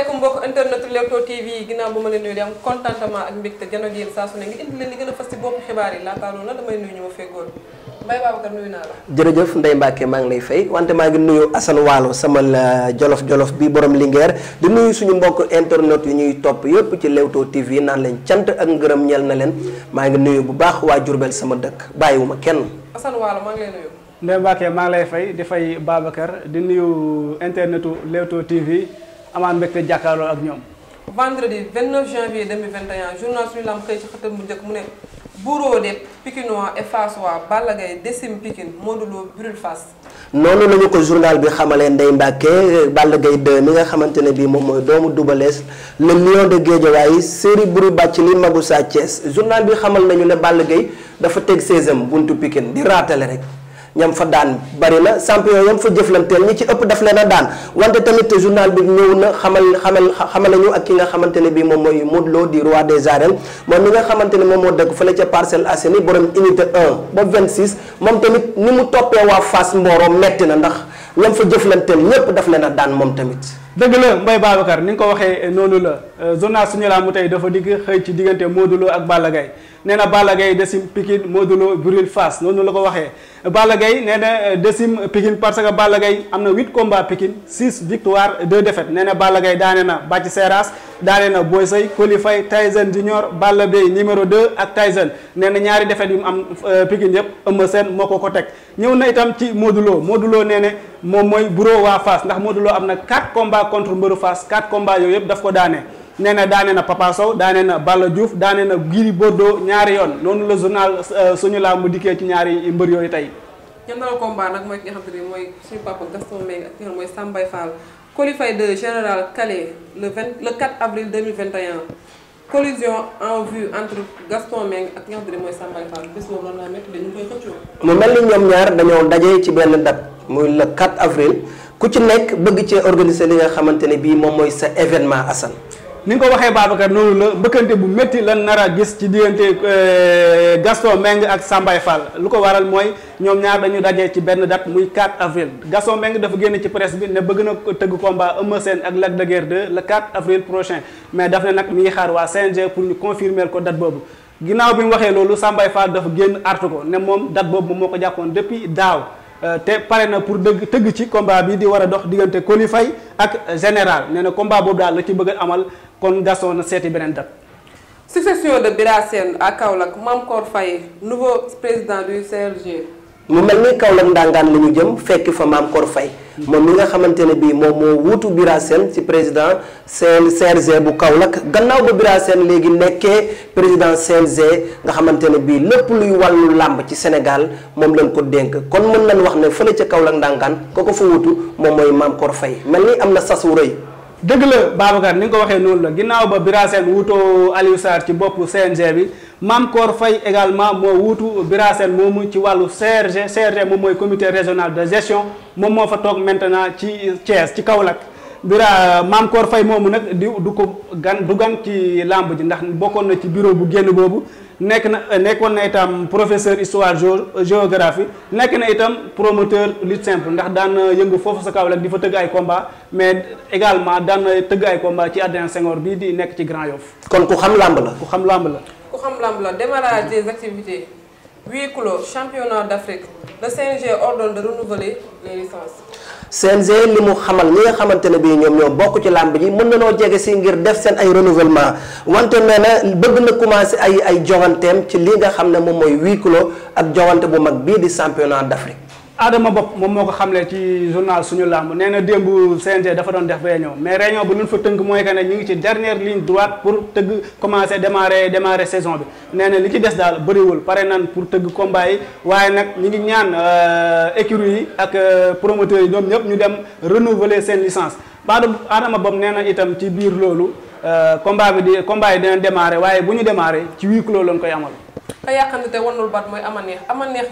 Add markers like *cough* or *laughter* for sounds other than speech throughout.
asalaamaaleykum mbokk internet Leewtoo TV ginnaaw bu ma leen nuyu di saa su ne ngi a fas ci bopp xibaar yi laataa jërëjëf Ndeye Mbacke maa ngi lay fay wante maa ngi nuyu Assane Waalo sama jolof jolof bi borom Linguère di nuyu suñu mbokk internet yu ñuy topp yëpp ci Leewtoo TV naan leen cant ak ngërëm ñel na leen maa ngi nuyu bu baax waa Jurbel sama dëkk bàyyiwuma kenn. Assane Waalo maa ngi lay nuyu. Ndeye Mbacke maa ngi lay fay di fay di nuyu internetu Leewtoo TV amaat mbégte jàkkaarloo ak ñoom. vendredi 29 janvier 2021 journal suñu lamb xëy ci xëtam bu njëkk mu ne. bourreau des Pikinois et Fassois Balla Gaye décime Pikine Modou Lo brûle Fass. noonu la ñu ko journal bi xamalee Ndeye Mbacke Balla gay 2 ni nga xamante ne bii moom mooy doomu Double Less le lion de Guédiawaye série buru bàcc li magu Sa Thiès journal bi xamal nañu ne Balla Gaye dafa teg 16 am buntu Pikine di raatale rek. ñam fa daan bari na champion yam fa jëflanteel ñi ci ëpp daf leen a daan wante tamit journal bi ñëw na xamal xamal xamal nañu ak ki nga xamante ne bii moom mooy Modou Lo di roi des arènes moom mi nga xamante ne moom moo dëkk fële ca Parcelles Assainies borom unité 1 ba 26 moom tamit ni mu toppee waa Fass Mboro metti na ndax ñam fa jëflanteel ñépp daf leen a daan moom tamit dëgg la Mbaye Babacar ni nga ko waxee eh, noonu la eh, journal suñu mu tey dafa digg xëy ci diggante Modou Lo ak Balla Gaye nee na Balla Gaye desim Pikine Modou Lo brûle face noonu la ko waxee Balla Gaye nee na eh, desim Pikine parce que Balla am na huit combats Pikine six victoires deux défaites nee na Balla Gaye daane na bàcc seeraas daane na Boy Sey Coly Faye Tyson Junior Balla Beye numéro 2 ak Tyson nee na ñaari defet yu mu am euh, Pikine yëpp Eumeu Sène moo ko ko teg ñëw na itam ci Modou Lo Modou nee ne moom mooy bureau waa fas ndax Modou am na 4 combats contre mbëru Fass 4 combats yooyu yëpp daf ko daane nee na daane na Papa Sow daane na Balla Diouf daane na Gris Bordeaux ñaari yoon noonu la journal euh, suñu laa mu dikkee ci ñaari mbër yooyu tey. ñoom dara combat nag mooy ki xam te ne mooy qualifié de Général Calais le 20 le 4 avril 2021 collision en vue entre Gaston Meng ak ñax bi mooy Samba Fall bés boobu noonu laa mu mel ñoom ñaar dañoo daje ci benn date muy le 4 avril ku ci nekk bëgg cee organiser li nga xamante ne bii moom mooy sa événement Assane. ni nga ko waxee Babacar noonu la mbëkkante bu métti lan nar a gis ci diggante euh, Gaston Mbengue ak Sambay Fall lu ko waral mooy ñoom ñaar dañu daje ci benn dat muy 4 avril Gaston Mbengue dafa génn ci presse bi ne bëgg na ko tëgg combat Eumeu Sène ak Lac de Guiers 2 le 4 avril prochain mais daf ne nag mi ngi xaar waa CNG pour ñu confirmer ko date boobu ginnaaw bi mu waxee loolu Sambay Fall dafa génn artu ko ne moom dat boobu moom moo ko jàppoon depuis daaw. Euh, te pare na pour dëgg tëgg ci combat bi di war a dox diggante Coly Faye ak général nee na combat boobu daal la ci bëgg amal kon gasoon na seeti beneen date. succession de Bira Sène à Kaolack Mamkor fay nouveau président du CRG. mu mel ni Kaolack ndangaan la ñu jëm fekki fa maam Kor Faye moom mi nga xamante ne bii moom moo wuutu Bira Sène ci président CNG bu Kaolack gannaaw ba Bira Sène léegi nekkee président CNG nga xamante ne bii lépp luy wàllu làmb ci Sénégal moom lañ ko dénk kon mën nañ wax ne fële ca Kaolack ndangaan ko ko fa wuutu moom mooy maam Kor Faye mel ni am na sas wu rëy dëgg la Babacar ni nga ko waxee noonu la ginnaaw ba Bira Sène wuutoo ci boppu CNG bi Mamkor Faye également moo wuutu Bira moomu ci wàllu CRG CRG moom mooy comité régional de gestion moom moo fa toog maintenant ci Thiès ci Kaolack Bira Mamkor Faye moomu nag di du ko gan du gan ci làmb ji ndax bokkoon na ci bureau bu génn boobu nekk na euh, nekkoon na itam professeur histoire géographie nekk na itam promoteur lutte simple ndax daan yëngu foofu sa kaw rek di fa tëgg ay combat mais également daan tëgg ay combat ci Adrien Senghor bii di nekk ci Grand Yoff kon ku xam làmb la ku xam làmb la ku xam làmb la démarrage des activités huis clos championnat d'Afrique le CNG ordonne de renouveler les licences CNG li mu xamal ñi nga xamante ne bii ñoom ñoo bokk ci làmb ji mën na noo jege si ngir def seen ay renouvellement wante nee na bëgg na commencé ay ay joŋanteem ci li nga xam ne moom mooy huis clos ak joŋante bu mag bii di championnat d'Afrique. Adama Bopp moom moo ko xam xamle ci journal suñu làmb nee na démb CNG dafa doon def réunion mais réunion bu ñu fa tënk mooy que ne ñu ngi ci dernière ligne droite pour tëgg commencer démarrer saison bi nee na li ci des daal bëriwul pare nan pour tëgg combat yi waaye nag ñu ngi ñaan euh, écurie yi ak euh, promoteur yi ñoom ñëpp ñu dem renouveler seen licence baadu Adama Bopp nee na itam ci biir loolu euh, combat bi di combat yi dina démarrer waaye bu ñu démarrer ci huis clos koy amal. ka yaakaar ne tey wanul baat mooy Amaneex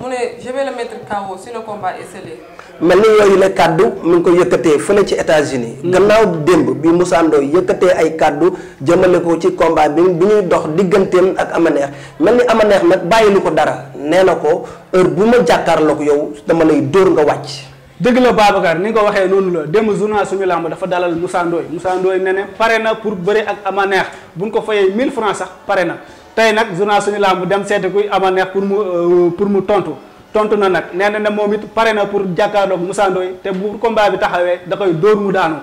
mu ne je vais le KO si le combat est mel ni yooyu la kàddu mi ngi ko yëkkatee fële ci États-Unis hmm. gannaaw démb bi Moussa yëkkatee ay kàddu jëmale ko ci combat bi bi ñuy dox digganteem ak ama Amaneex mel ni Amaneex nag bàyyilu ko dara nee na ko heure bu ma jàkkaarloog yow dama lay dóor nga wàcc. dëgg la Babacar ni nga ko waxee noonu la démb journal suñu làmb dafa dalal Moussa Ndoye Moussa Ndoye ne ne pare na pour bëre ak Amaneex bu ñu ko fayee 1000 sax pare na. tey nag journal suñu làmb dem seeti kuy ama neex pour mu euh, pour mu tontu tontu na nag nee na ne moom it pare na pour jàkkaarloog Moussa Ndoye te bu combat bi taxawee da koy dóor mu daanu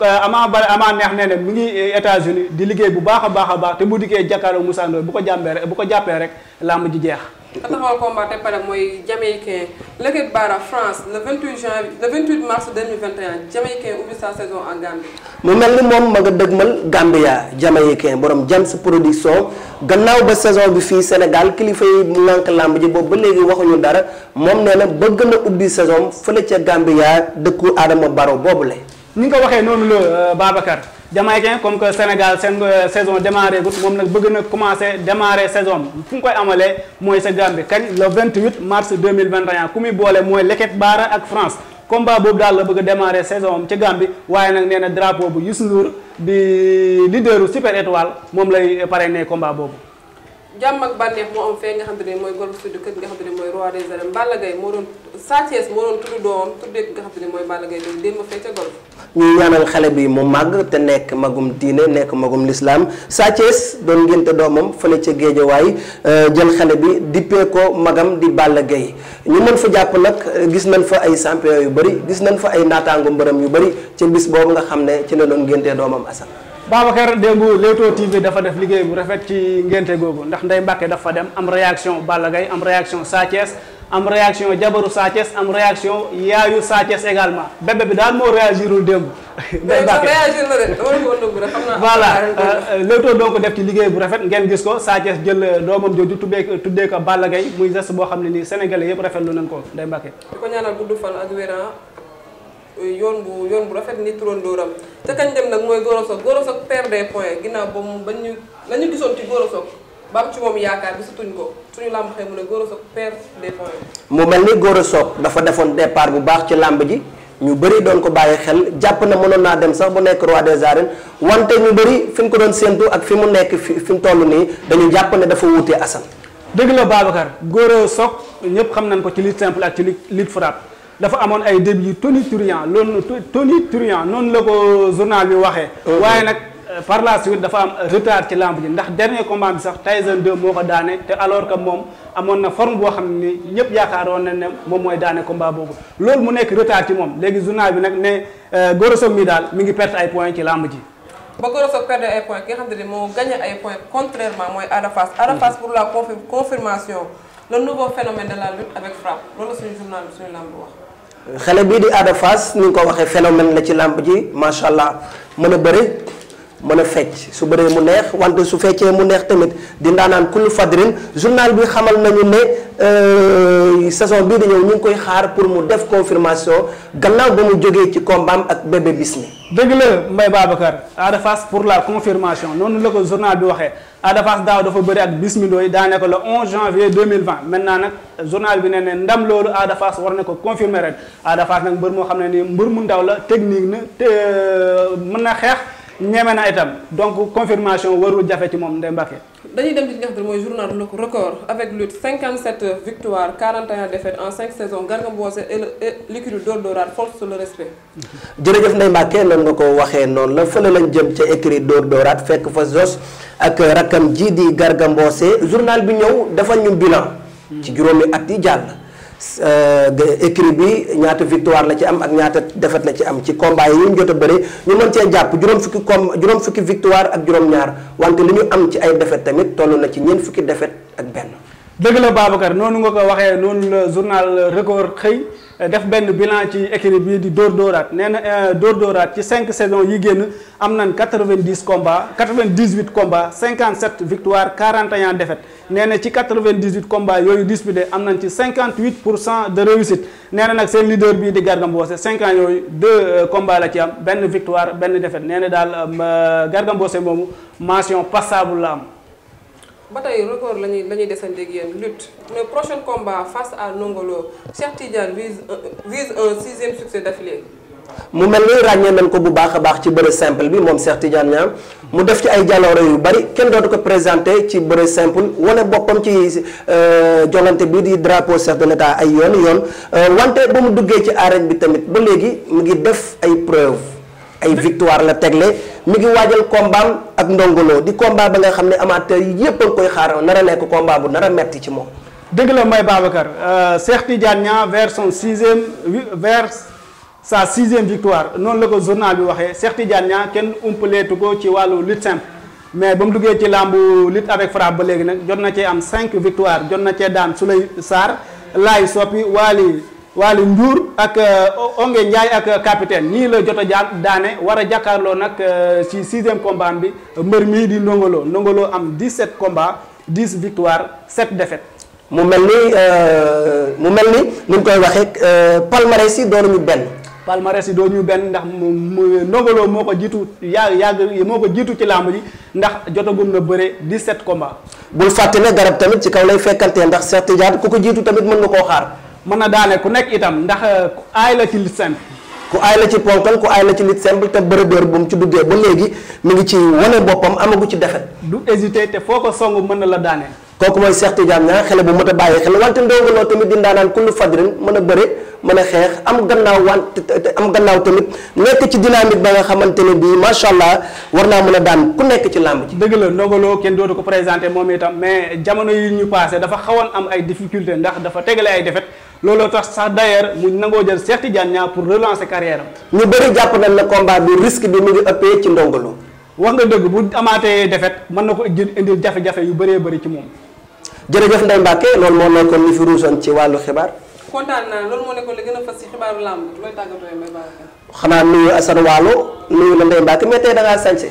euh, ama bari amaa neex nee na mu ngi euh, États-Unis di liggéey bu baax a baax a baax te bu diggee jàkkaarloog Moussa bu ko jàmbee rek bu ko jàppee rek làmb ji jeex ka taxawal mooy jamaïcain Leket Bara France le 28 janvier le 28 mars 2021 ubbi sa saison en Gambie. mu mel ni moom ma nga dëgmal Gambia jamaïcain borom Jams production gannaaw ba saison bi fii Sénégal kilifa yi lànk làmb ji boobu ba léegi waxuñu dara moom nee na gën a ubbi saison fële ca Gambia dëkku Adama boobu boobule. ni nga ko waxee noonu la euh, Babacar Jamaïcain comme que Sénégal seen euh, saison démarré gut moom nag bëgg na commencé démarré saison fu mu koy amalee mooy sa Gambie kañ le 28 mars 2021 ku muy boole mooy Leket Baara ak France combat boobu daal la bëgg a démarré saison am ca Gambie waaye nag neena na drapeau bu Youssou Ndour di leaderu Super Étoile moom lay pare nee combat boobu. jàmm ak bànneex moo am fee nga xam ne mooy golf sud nga xam ne mooy roi des arènes Balla Gaye moo doon Sa Thiès moo doon tudd doomam tuddee nga xam ne mooy Balla Gaye xale bi mu màgg te nekk magum diine nekk magum lislaam Sa Thiès doon ngénte doomam fële ca Géejawaay euh, jël xale bi dippee ko di Balla Gaye ñu mën fa jàpp nag gis nañ fa ay champion yu bari gis nañ fa ay naataangu mbërëm yu bëri ca bis boobu nga xam ne ci la doon ngéntee doomam Assane Babacar démb Leewtoo TV dafa def liggéey bu rafet ci ngénte googu ndax Ndeye Mbacke dafa dem am réaction Balla gay am réaction Sa am réaction jabaru Sa am réaction yaayu Sa Thiès également bébé bi daal moo réagirul démb *laughs* Ndeye Mbacke voilà euh, Leewtoo donc def ci liggéey bu rafet ngeen gis ko Sa Thiès jël euh, doomam jooju tuddee tuddee ko Balla Gaye muy geste boo xam ne nii sénégalais yëpp rafetlu nañ ko Ndeye ko ñaanal gudd yoon bu yoon bu rafet ni turoon dóoram te kañ dem nag mooy Gora Sock Gora Sock perd des points ginnaaw ba mu ñu la ñu gisoon ci Gora Sock ba am ci moom yaakaar gisatuñ ko suñu làmb xëy mu ne Gora des points. mu mel ni Gora Sock dafa defoon depart bu baax ci làmb ji ñu bëri doon ko bàyyi xel jàpp na mënoon naa dem sax bu nekk roi des arènes wante ñu bëri fi mu ko doon séentu ak fi mu nekk fi fi mu toll nii dañu jàpp ne dafa wuutee Assane. dëgg la Babacar Gora Sock ñëpp xam nañ ko ci lutte simple ak ci lutte dafa amoon ay début yu tonitruant loolu tonitruant noonu la ko journal bi waxee. Euh, waaye nag euh, par la suite dafa am retard ci làmb ji ndax dernier combat bi sax Tyson 2 moo ko daane te alors que moom amoon na forme boo xam ne ñëpp yaakaaroon nañ ne moom mooy daane combat boobu. loolu mu nekk retard ci moom léegi journal bi nag ne euh, Gora Sock mi daal mi ngi perte ay points ci làmb ji. ba Gora Sock ay points ki nga xam ne moo gagné ay points contrairement mooy Ada Fass. Ada mm-hmm. Fass la confirmation le la lutte avec frappe loolu la suñu journal xale bii di Ada Fass ni nga ko waxee phénomène la ci làmp ji macha allah mën a bëre mën a fecc su bëree mu neex wante su feccee mu neex tamit di ndaanaan kullu fadrin journal bi xamal nañu ne. Euh, saison bii di ñëw ñu ngi koy xaar pour mu def confirmation gannaaw ba mu jógee ci kombaam ak bébé Bismi. dëgg la mbay Babacar Ada Fass pour la confirmation noonu la ko journal bi waxee Ada Fass daaw dafa bëri ak Bismi Ndoye daane ko le mille janvier 2020 maintenant nag journal bi nee ne ndam loolu Ada war na ko confirmer ren Ada nag mbër moo xam ne nii mbër mu ndaw la technique na te euh, mën na xeex. ñeme na itam donc confirmation warul jafe ci moom Ndeye Mbacke. dañuy dem ci li nga xam ne mooy journal record avec lutte 57 victoires 41 défaites en 5 saisons Garga Mbossé et l'écurie Dóor Dóoraat force le respect. jërëjëf Ndeye Mbacke noonu nga ko waxee noonu la fële lañu jëm ca écurie Dóor Dóoraat fekk fa Zos ak rakkam ji di Garga Mbossé journal bi ñëw dafa ñu bilan. ci juróomi at yi jàll. Euh, écrit bi ñaata victoire la ci am ak ñaata défaite la ci am ci combat yi ñu jot a bëri ñu mën cee jàpp juróom fukki com juróom fukki victoire ak juróom-ñaar wante li ñu am ci ay défaite tamit toll na ci ñeent fukki défaite ak benn. dëgg la Babacar noonu nga ko waxee noonu la journal record xëy. def benn bilan ci écurie bi di Dóor dooraat nee na euh, Dóor Dóoraat ci 5 saison yi génn am na nañ 90 combats 98 combats 57 victoires 41 défaites nee na ci 98 combats yooyu disputé am nañ ci 58 pour cent de réussite nee na nag seen leader bii di Garga Mbossé 5 ans yooyu 2 euh, combats la ci am benn victoire benn défaite nee na daal euh, Garga Mbossé moomu mention passable la am. ba tey record la ñuy la ñuy desanteeg yéen lutte le prochain combat face à Nongolo Cheikh Tidiane vise vise un mu mel ni ràññee nañ ko bu baax a baax ci bëre simple bi moom Cheikh Tidiane Niang mu def ci ay jaloore yu bari kenn dootu ko présenté ci bëre simple wane boppam ci euh, jongante bi di drapeau chef de l'état ay yoon yoon euh, wante ba mu duggee ci arène bi tamit ba léegi mu ngi def ay preuve ay victoire la tegle mi ngi waajal combat ak ndongolo di combat ba nga xam ne amateur yi yëpp koy xaar nar a nekk combat bu nar a metti ci moom. dëgg la Mbaye Babacar euh, Cheikh jaan Niang vers son sixième vers sa sixième victoire noonu la ko journal bi waxee Cheikh Tidiane Niang kenn umpaleetu ko ci wàllu lutte simple mais ba mu duggee ci làmbu lutte avec frappe ba léegi nag jot na cee am cinq victoire jot na cee daan Souley Sarr laay soppi Waly Waly Ndour ak euh, Onge Ndiaye ak euh, capitaine ñii la jot a daane war a jàkkaarloo nag euh, ci sixième combat bi mbër mii di ndongolo ndongolo am 17 combats 10 victoires 7 defet mu mel ni mu mel ni ni koy waxee palmarès yi doonuñu benn. palmarès yi doonuñu benn ndax mu ndongolo moo ko jiitu yàgg yàgg moo ko jiitu ci làmb yi ndax jotagum na bëre 17 combats. bul fàtte ne garab tamit ci kaw lay fekkante ndax Cheikh Tidiane ku ko jiitu tamit mën na koo xaar. mën na daane ku nekk itam ndax euh, ku aay la ci lutte simple. ku aay la ci ponkal ku aay la ci lutte simple te bërëbër bu mu ci duggee ba léegi mu ngi ci wane boppam amagu ci defet du hésité te foo ko song mën na la daaneel. kooku mooy Cheikh Tidiane xele bu mat a bàyyi xel wante Ndongo Lo tamit di ndaanaan kullu fadrin mën a bëre mën a xeex am gannaaw wante am gannaaw tamit nekk ci dynamique ba nga xamante ne bii macha allah war naa mën a daan ku nekk ci làmb ci dëgg la Ndongo kenn dootu ko présenté moom itam mais jamono yi ñu passé dafa xawoon am ay difficulté ndax dafa tegale ay défaite looloo tax sax d'ailleurs mu nangoo jël Cheikh Tidiane pour relancer carrière am. ñu bëri jàpp bi risque bi mu ngi ëppee ci Ndongo mën na ko jël indil jafe-jafe bëree bëri ci moom jërëjëf Ndeye Mbacke loolu moom nekkoon li fi ruusoon ci wàllu xibaar. kontaan naa loolu moo nekkoon li gën a fës ci xibaaru làmb looy tàggatoo Mbaye Babacar. xanaa nuyu Assane nuyu la Ndeye Mbacke mais tey da ngaa sañse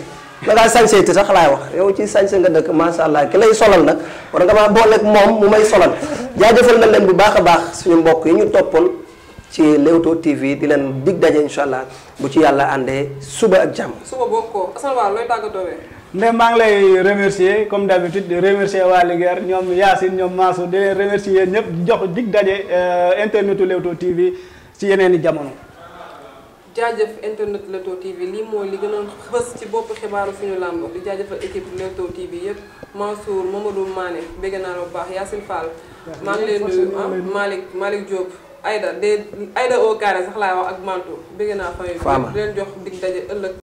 da ngaa te sax laay wax yow ci sañse nga dëkk macha allah ki lay solal nag war nga maa booleeg moom mu may solal jaajëfal na leen bu baax a baax suñu mbokk yi ñu toppoon ci Leewtoo TV di leen dig daje incha allah bu ci yàlla àndee suba ak jàmm. mais maa ngi lay remercier comme d'habitude di remercier waa Linguère ñoom Yacine ñoom Massou di leen remercier yéen ñëpp jox dig daje euh, internetu Leewtoo TV ci yeneen i jamono. jaajëf internet Leewtoo TV lii mooy li gën a fës ci bopp xibaaru suñu làmb di jaajëfal équipe Leewtoo TV yëpp Mansour Mamadou Mané bégg naa bu baax Yacine Fall. maa ngi leen nuyu ah, Malick Malick Diop. Aïda de Aïda au carré sax laay wax ak Mantou bégg naa fan yu. leen jox dig daje ëllëg.